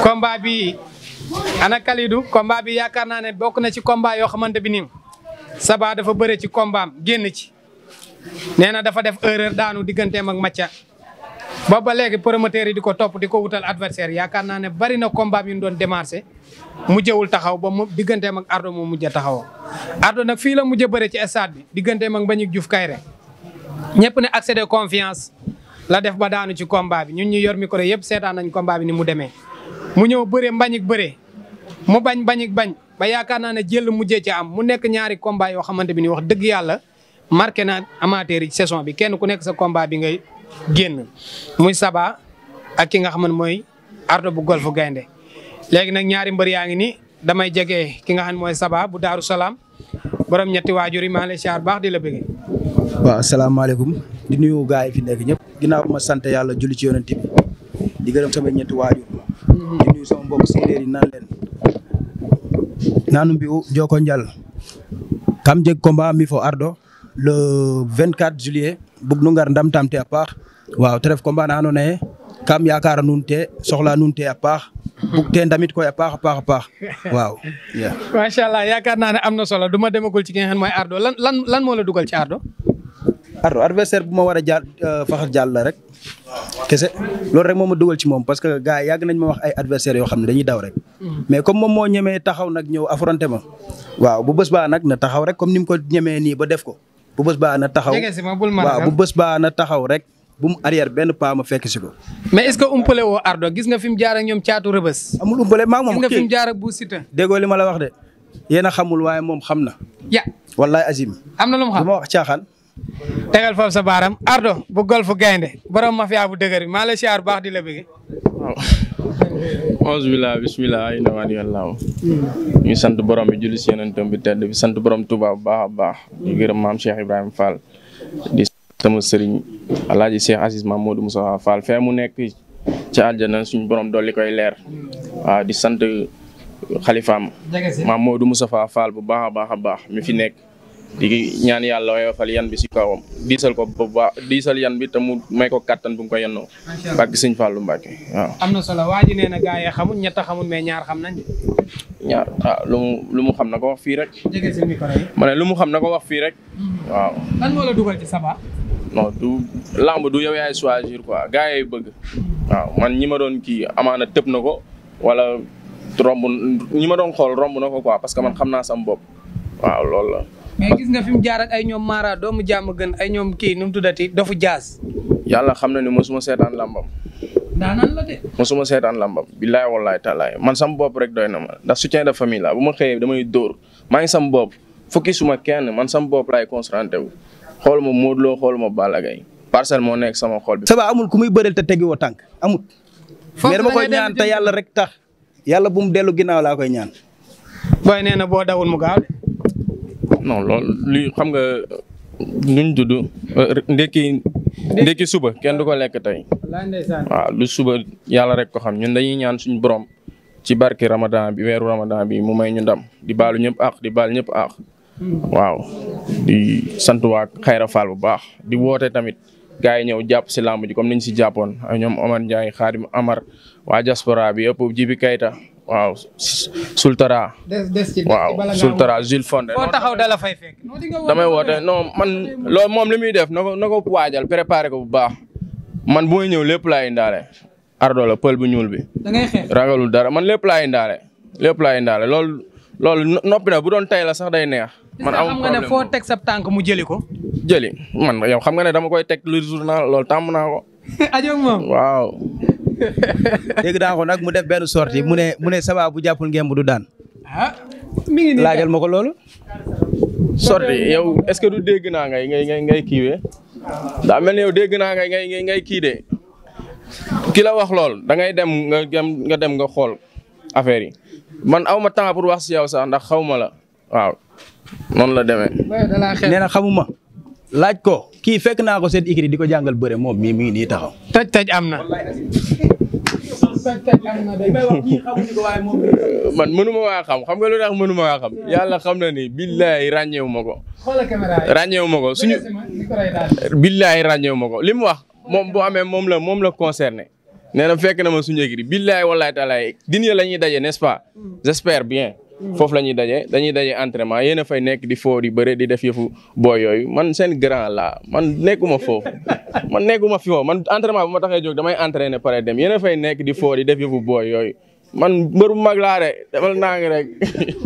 combat bi ana Kalidou combat bi yaakaar naa ne bokk na ci combat yoo xamante bi nii Saba dafa bëre ci combaam génn ci nee na dafa def erreur daanu digganteem ak Macha boobu ba léegi promoteur yi di ko topp di ko wutal adversaire yaakaar naa ne bari na combat ñu doon démarché mujjewul taxaw ba mu digganteem ak Ardo moo mujj a taxawoo. Ardo nag fii la mujj a bëre ci stade bi digganteem ak Mbagnick Diouf Kayre ñëpp ne accès de confiance la def ba daanu ci combat bi ñun ñu yor micro yëpp seetaan nañ combat bi ni mu demee. mu ñëw bëre mbañik bëre mu bañ bañik bañ ba yaakaar naa ne jël mujjee ci am mu nekk ñaari combat yoo xamante bi ni wax dëgg yàlla marqué na amateur yi saison bi kenn ku nekk sa combat bi ngay génn muy Saba ak ki nga xam ne mooy Ardo bu golfu gaynde léegi nag ñaari mbër yaa ngi ni damay jege ki nga xam ne mooy Saba bu Daaru Salaam borom ñetti waajur yi maa ngi baax di la bëggee. waaw asalaamaaleykum di nuyu gars yi fi nekk ñëpp ginnaaw ma sant yàlla julli ci yonent bi di gërëm sama ñetti waajur nuyu sama mbokk séeréer yi naan leen joko njal kam jeg combat mi fo ardo le juillet bug nu ngar ndamtam te a paax waaw te ref combat na andoona yee kam yaakaara nuun te soxla nuun te a paax bug te ndamit koy a paax a paax a paax allah yaakaar naa ne am na solo duma demagul ci ki ardo lan lan lan ci ardo ar adversaire bu a jaar faxar jàll euh, rek kese loolu rek moo ma dugal ci moom parce que gars yàgg nañ ma wax ay adversaire yoo xam ne dañuy daw rek mais comme moom moo ñemee taxaw nag ñëw affronté ma waaw bu bés baa nag na taxaw rek comme ni mu ko ñemee nii ba def ko bu bés baa na taxaw waaw bu bés taxaw rek bu mu arrière benn pas ma fekk si ko. mais est-ce que umpale woo Ardo gis nga fi mu jaar ñoom caatu rëbës. amul umpale maa moom xamul waaye moom xam na. ya wallaay Azim. am na lu mu xam wax caaxaan. tegal foofu sa Ardo bu golfu gaynde borom mafia bu dëgër maa la siyaar bu baax di la bëgg. waaw. auzu bilaahi ay nawaan yàllaaw ñu sant borom bi julli si yonentam tedd bi sant borom Tuubaa bu baax a baax. gërëm maam Cheikh Ibrahima Fall. di sama sëriñ alaaji Cheikh Aziz Maam Modou Moussa Fall fee mu nekk ci àjjana suñu borom dolli koy leer. waaw di sant xalifaam. maam Modou Moussa Fall bu baax a baax a baax mi fi nekk. di ñaan yàlla woyofal yan bi si kawam diisal ko bu baax yan bi te mu may ko kattan bu nga ko yennoo. macha allah barke Sëñ waaw. am na solo waa ji nee na gaa ñett xamul mais ñaar xam nañ. ñaar ah, lu mu xam na ko wax fii rek. jege seen ma ne lu mu xam na ko wax fii rek. Mhm. waaw. lan moo du yow yaay choisir quoi gaa yi man ñi ma doon kii amaana tëb na ko wala romb ñi ma doon xool romb na ko quoi parce que man xam naa sam bopp waaw loolu la. mais gis nga fi jaar ay ñoom Mara doomu jàmm gën ay ñoom kii nu mu tuddati dofu jaas. yàlla xam na ni mosuma seetaan lambam. daanaan la de. mosuma seetaan lambam billaay wallaay taalaay man sam bopp rek dooy na ma da soutien de famille la bu ma xëyee damay dóor maa ngi sam bopp fukki suma kenn man sam bopp laay concentré xool ma Modou xool ma Balla Gaye moo nekk sama xool bi. Saba amul ku muy bëreel te tegiwoo tànk amul. mais te yàlla rek tax yàlla bu mu dellu ginnaaw laa koy ñaan. booy nee na boo dawul mu gaaw no loolu li xam nga nuñ dudd euh, ndekki ndekki suba kenn du ko lekk tey waaw lu suba yàlla rek ko xam ñun dañuy ñaan suñu borom ci barki ramadan bi weeru ramadan bi mu may ñu ndam di baalu ñëpp ak di baal ñëpp ak hmm. waaw di sant waa Xayra Fall bu baax di woote tamit gars yi ñëw jàpp si làmb ji comme niñ si a ak ñoom Omar Ndiaye Xaadim Amar waa diaspora bi yëpp Jibi Kayta waaw Sultara. des des ci waaw Sultara Jules Fonde. foo taxaw dala fay fekk. damay woote ko waajal préparé ko bu baax man bu may ñëw lépp laay indaale. Ardo la pël bu ñuul bi. da ragalul dara man lépp indaale. lépp laay bu doon tey sax day neex. man amul problème foo teg sa tànk mu jëli ko. jëli man yow xam nga ne dama koy teg lu journal loolu tàmm naa ko. ajoog moom waaw. dégg naa ko nag mu def benn sortie mu ne mu ne sabaa bu jàppul ngeen du daan. Ah, laajal ma ko loolu. sortie yow est-ce que du dégg naa ngay ngay ngay ngay kiiwee. daa mel ni yow dégg naa ngay ngay ngay kii de. ki la wax lool da ngay dem nga dem nga dem nga xool affaire yi man awma temps pour wax si yow sax ndax xaw ma la waaw. noonu la demee. nee na xamuma laaj ko kii fekk naa ko seet ikri di ko jàngal bëre moom mii mi ngi nii taxaw. taj taj am na. man mënuma waa xam xam nga loo tax mënuma waa xam yàlla xam na ni billaay ràññeewu ma ko. ràññeewu ma ko suñu. billaay ràññeewu ma ko li mu wax moom boo amee moom la moom la concerné. nee na fekk na ma suñu écrit billaay wallaay taalaay din ya la ñuy daje n'est-ce pas mm. j'espère bien. Mm-hmm. foof la ñuy daje dañuy daje entrement yéen fay nekk di foo di bëre di def yëfu boo yooyu man seen grand la man nekkuma foofu man nekkuma fi foofu man entraînement bu ma taxee jóg damay entraîné pare dem yéen a fay nekk di foo di def yëfu boo yooyu man mbër bu mag laa de demal naa ngi rek.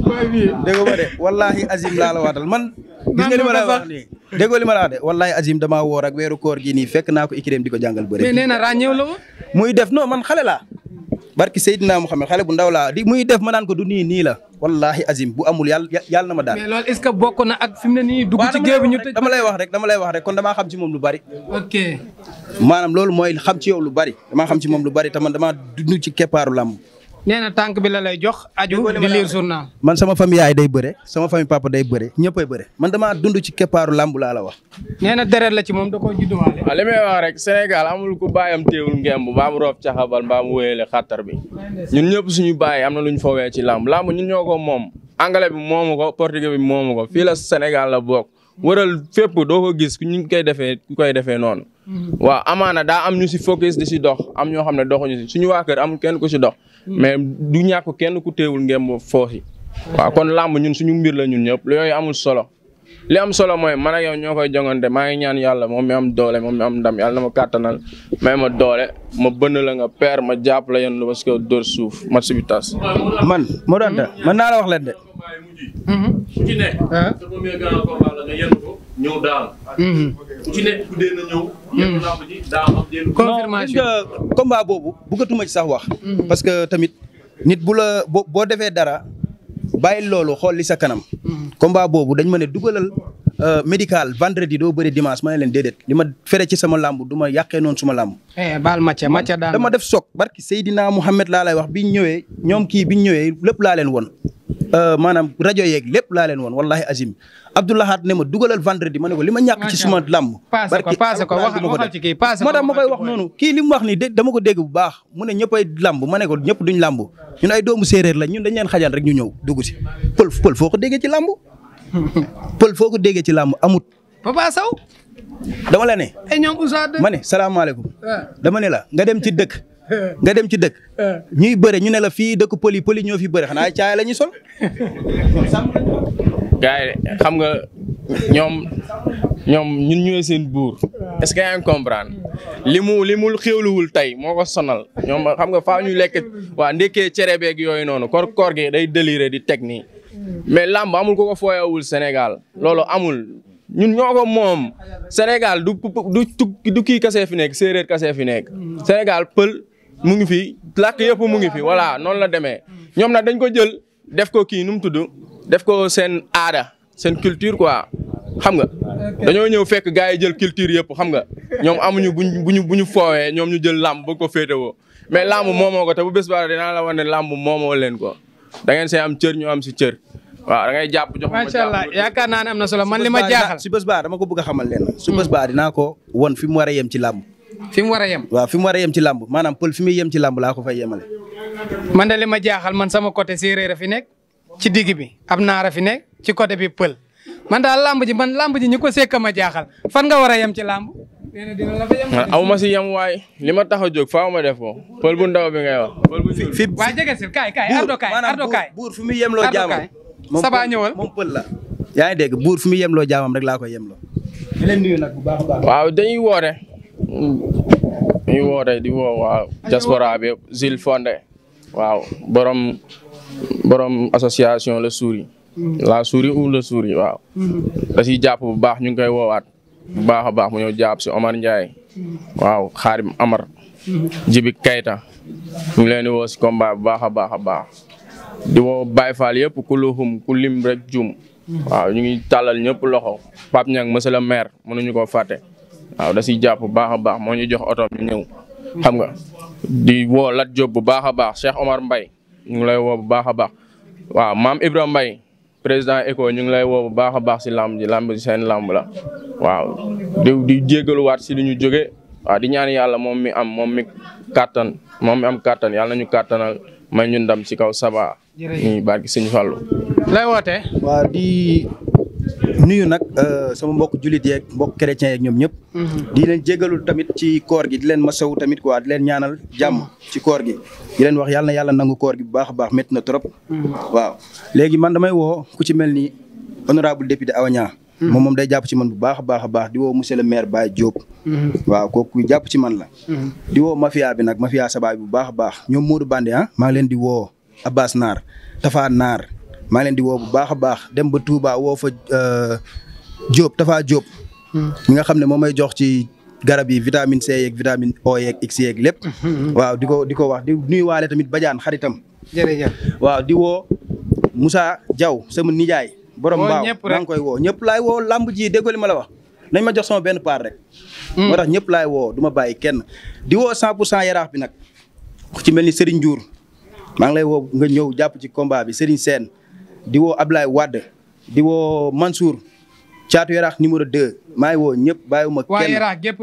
dégg nga de wallaahi azim laa la waatal man. gis nga li ma la wax ma la wax de wallaahi azim damaa woor weeru koor gi nii fekk naa ko ikirem di ko jàngal bëri. nee na ràññeew la muy def non man xale laa. barki Seydina Mouhamed xale bu ndaw laa di muy def ma naan ko du nii nii la wallahi azim bu amul yàlla na ma daal. mais loolu que bokk na ak fi mu ne nii dugg ci géew bi ñu tëj dama lay wax rek dama lay wax rek kon damaa xam ci lu bari. ok maanaam loolu mooy xam ci yow lu bari damaa xam ci moom lu bari tama man damaa dund ci keppaaru làmb nee na tànk bi la lay jox aju di liir journal man sama famille yaay day bëre sama famille papa day bëre ñëppay bëre man damaa dund ci keppaaru làmb laa la wax nee na deret la ci moom da koo judduwaale rek Sénégal amul ku bàyyam téewul ngemb baa mu roof caxabal baa mu wéyale xattar bi ñun ñëpp suñu bàyyi am na lu ñu fawee ci làmb làmb ñun ñoo ko moom anglais bi moomu ko portugais bi moomu ko fii la Sénégal la bokk waral fépp doo ko gis ñu ngi koy defee ku koy defee noonu. Mm-hmm. waaw amaana daa am ñu si focus di si dox am ñoo xam ne doxuñu si suñu waa kër amul kenn ku si dox. Mm-hmm. mais du ñàkk kenn ku teewul ngeen foosi wa kon làmb ñun ñu mbir la ñun ñëpp yooyu amul solo. li am solo mooy man ñoo koy jongante maa ngi ñaan yàlla moom mi am doole moom mi am ndam yàlla na ma kàttanal may ma doole ma bënn la nga peer ma jàpp la yéen lu parce que dóor suuf match bi tas. man moo doon de. ji. ku ci nekk. sa premier mhm. mhm. boobu bëggatuma ci sax wax. Mhm. parce que tamit nit bu la boo boo defee dara bàyyi loolu xooli sa kanam. combat boobu dañ ma ne dugalal. Uh, médical vendredi doo bëri dimanche ma ne leen déedéet li ma fere ci sama làmb du ma yàqee noonu suma làmb. Hey, eh, baal Macha Macha daan dama def soog barki Seydina Mouhamed laa lay wax bi ñu ñëwee ñoom kii bi ñu ñëwee lépp laa leen won Euh, maanaam rajo yeeg lépp laa leen woon wallahi azim Abdoulahat ne ma dugalal vendredi ma ne ko li ma ñàkk ci suma làmb barki paase ko waxal ci kii paase ko moo tax ma wax noonu kii li mu wax nii da ko dégg bu baax mu ne ñëppay làmb ma ne ko ñëpp duñ làmb ñun ay doomu séeréer la ñun dañ leen xajal rek ñu ñëw dugg si pël pël foo ko déggee ci làmb pël foo ko déggee ci làmb amut Papa Sow dama la ne eh, ma ne salaamaaleykum ah. dama ne la nga dem ci dëkk nga dem ci dëkk. Eh. ñuy bëre ñu ne la fii dëkk poli poli ñoo fi bëre xanaa caay la ñu sol. gars xam nga ñoom ñoom ñun ñooy seen buur. est-ce que yaa ngi comprendre. li mu li mu xéwluwul tey moo ko sonal ñoom xam nga fa ñu lekk waa ndekkee cere beeg yooyu noonu koor gi day déliré di teg mais làmb amul ko ko fooyawul Sénégal loolu amul. ñun ñoo ko moom Sénégal du du du kii kase fi nekk séeréer kase fi nekk pël. mu ngi fi làkk yëpp mu ngi fi voilà noonu la demee ñoom na dañ ko jël def ko kii nu mu tudd def ko seen aada seen culture quoi xam nga dañoo ñëw fekk gars yi jël culture yëpp xam nga ñoom amuñu buñ buñu bu ñu foowee ñoom ñu jël lamb bëgg ko féetewoo mais làmb moomoo ko te bu bés ba dinaa la wane làmb moomoo leen ko da ngeen see am cër ñu am si cër waaw da ngay jàpp jox ma macha allah yaakaar naa am na sola man li ma jaaxal si bés ba dama ko bëgg xamal leen su bés ba dinaa ko won fi mu war a yem ci làmb fi mu war a yem. waaw fi mu war a yem ci làmb maanaam pël fi yem ci làmb laa ko fay yemale. man de li ma jaaxal man sama côté séeréer a fi nekk ci digg bi ab naar a fi nekk ci côté bi pël man daal lamb ji man làmb ji ñu ko sekk ma jaaxal fan nga war a yem ci làmb. Ah, aw ma si yam waay li ma tax a jóg faaw ma def ko pël bu ndaw bi ngay wax. fi waaye jege si kaay kaay ardo kaay ardo kaay buur fi muy yemloo jaamam sabaa ñëwal moom pël la. yaa ngi dégg buur fi yem loo jaamam rek laa ko yem di waaw dañuy woore ñu woote di woo waaw diaspora bi yëpp Jules Fondé waaw borom borom association la souris mm-hmm. la souris ou la souris waaw mm-hmm. da ciy jàpp bu baax ñu ngi koy woowaat bu baax a baax mu ñëw jàpp si Omar Ndiaye mm-hmm. waaw xaarim Amar Jibi Kayta ñu ngi leen di woo si combat bu baax a baax a baax di woo Baye yëpp ku luxum ku lim rek jum waaw ñu ngi tàllal ñëpp loxo Pape Niang monsieur le maire mënuñu ko fàtte waaw da siy jàpp bu baax a baax moo ñu jox oto ñu ñëw xam nga di woo Lat Diop bu baax a baax Cheikh Omar Mbaye ñu ngi lay woo bu baax a baax waaw maam Ibrahima mbay président ECHO ñu ngi lay woo bu baax a baax si làmb ji làmb ji seen làmb la waaw di di jégaluwaat si li ñu joge waaw di ñaan yàlla moom mi am moom mi kàttan moom mi am kàttan yàlla ñu kàttanal may ñu ndam si kaw Saba. jërëjëf ñuy barki Sëñ Fallou. lay woote. nuyu nag euh, sama mbokk jullit yeeg mbokk chrétien yeeg ñoom ñëpp. Mhm. di leen jégalul tamit ci koor gi di leen masawu tamit quoi di leen ñaanal jàmm mhm. ci koor gi. di leen wax yàlla na yàlla nangu koor gi bu baax a baax métti na trop. Mhm. waaw léegi man damay woo ku ci mel ni honorable député Awa Niang moom moom day jàpp ci man bu baax a baax di woo monsieur le maire Baye Diop. waaw kooku jàpp ci man la. di woo mafia bi nag mafia sabaay bu baax a baax ñoom Modou Bandé ah maa ngi leen di woo Abbas maa leen di woo bu baax a baax dem ba Touba woo fa euh, Diop Tafa Diop. Hmm. mi nga xam ne moom may jox ci garab yi vitamine C yeeg vitamine O yeeg X yeeg lépp. Hmm, hmm, waaw di ko di ko wax di nuyuwaale tamit Badiane xaritam. waaw di woo Moussa Diaw sama nijaay. borom mbaaw maa ngi koy woo ñëpp laay woo lamb ji déggoo li ma wax. nañ ma jox sama benn paar rek. moo tax ñëpp laay woo du ma bàyyi kenn. di woo 100 pour cent yaraax bi nag ci mel ni Serigne jur maa ngi lay woo nga ñëw jàpp ci combat bi Serigne Sène. di woo Ablaye Wade di woo Mansour caatu yaraax numéro 2 maa ngi woo ñëpp bàyyiwuma kenn waa yaraax gépp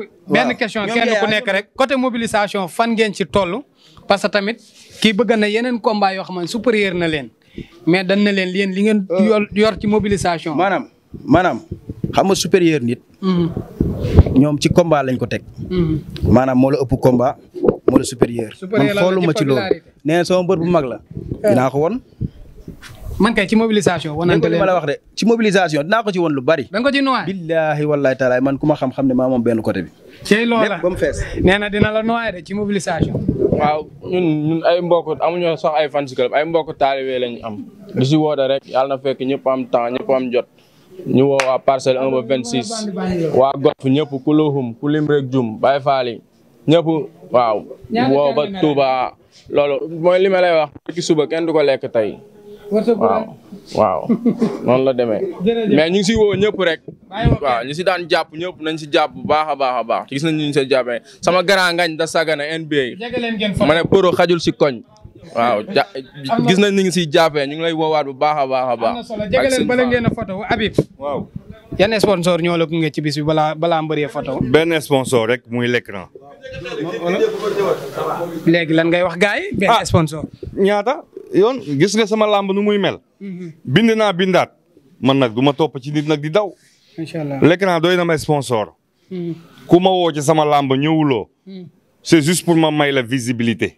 question kenn nekk rek côté mobilisation fan ngeen ci toll parce que tamit kii bëgg na yeneen combat yoo xam ne supérieur na leen mais dan na leen yéen li ngeen euh, yor ci mobilisation maanaam maanaam xam nga supérieur nit mhm. ñoom ci combat lañ ko teg mhm. maanaam moo ëpp combat moo la supérieur man ci loolu nee na sama bër bu mag la euh. won man kay ci mobilisation. wanante leen ma la wax de ci mobilisation dinaa ko ci woon lu bari. da ko ci noyyi. billaahi wallaahi taala man ku xam-xam ne maa moom benn côté bi. ci loola lépp nee na dina la noyyi de ci mobilisation. waaw ñun ay ay mbokk amuñu sax ay fan club ay mbokk taalibe lañ am. di si woote rek yàlla na fekk ñëpp am temps ñëpp am jot. ñu woo waa parcelle 1 ba 26. waa gox ñëpp ku luhum ku lim rek jum Baay Faal yi ñëpp waaw. woo ba Touba loolu mooy li ma lay wax. ci suba kenn du ko lekk tey. waaw waaw noonu la demee. mais ñu ngi si woo ñëpp rek. waaw ñu si daan jàpp ñëpp nañ si jàpp bu baax baax a baax gis nañ ñu si jàppee sama grand ngañ da sagana NBA. ma ne Poro xajul si koñ. waaw gis na ni ngi siy jàppee ñu ngi lay woowaat bu baax a baax a baax. am na a photo Habib. waaw yan sponsor ñoo ku gunge ci bis bi balaa balaa mbëree photo. benn sponsor rek muy l'écran. léegi lan ngay wax gars yi. Ah. sponsor ñaata. yoon gis nga sama làmb nu muy mel. Mhm. bind naa bindaat man nag du ma topp ci nit nag di daw. incha allah l'écran doy na ma sponsor. Mhm. ku ma woo ci sama làmb ñëwuloo. Mhm. c'est juste pour ma may la visibilité.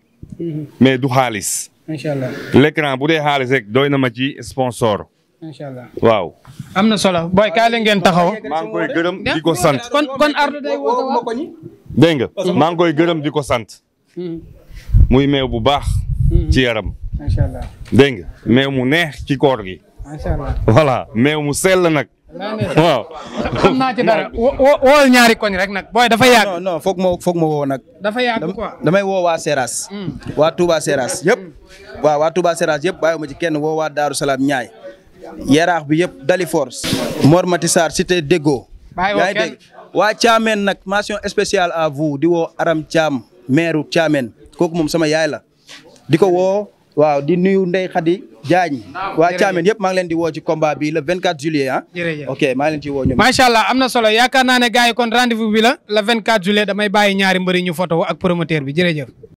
mais du xaalis. incha allah l'écran bu dee xaalis rek dooy na ma ci sponsor. incha allah waaw. am na solo booy kaay la ngeen taxaw. maa gërëm di ko sant. kon nga maa ngi koy gërëm di ko sant. muy meew bu baax. ci yaram. macha allah dégg nga mu neex ci koor gi. macha allah voilà meew mu sell nag. waaw. ñaari koñ rek nag booy dafa yàgg. non non foog ma foog ma woo nag. dafa yàgg quoi damay woo waa hmm. waa Touba Seras yëpp. Hmm. waaw waa Touba Seras yëpp bàyyiwuma ci kenn woo waa Daaru Ñaay. yaraax bi yëpp Dalifor. Mor Matissar Cité Déggo. yaa ngi dégg waa Thiamène nag mention spéciale à vous di woo Aram Thiam maire Thiamène kooku moom sama yaay la di ko waaw di nuyu Ndeye Khady Diagne waa Thiamène yëpp maa leen di woo ci combat bi le 24 juillet ah. ok maa leen ci woo ñoom. macha allah am na solo yaakaar naa ne gars yi kon rendez vous bi la le 24 juillet damay bàyyi ñaari mbëri ñu photo ak promoteur bi jërëjëf.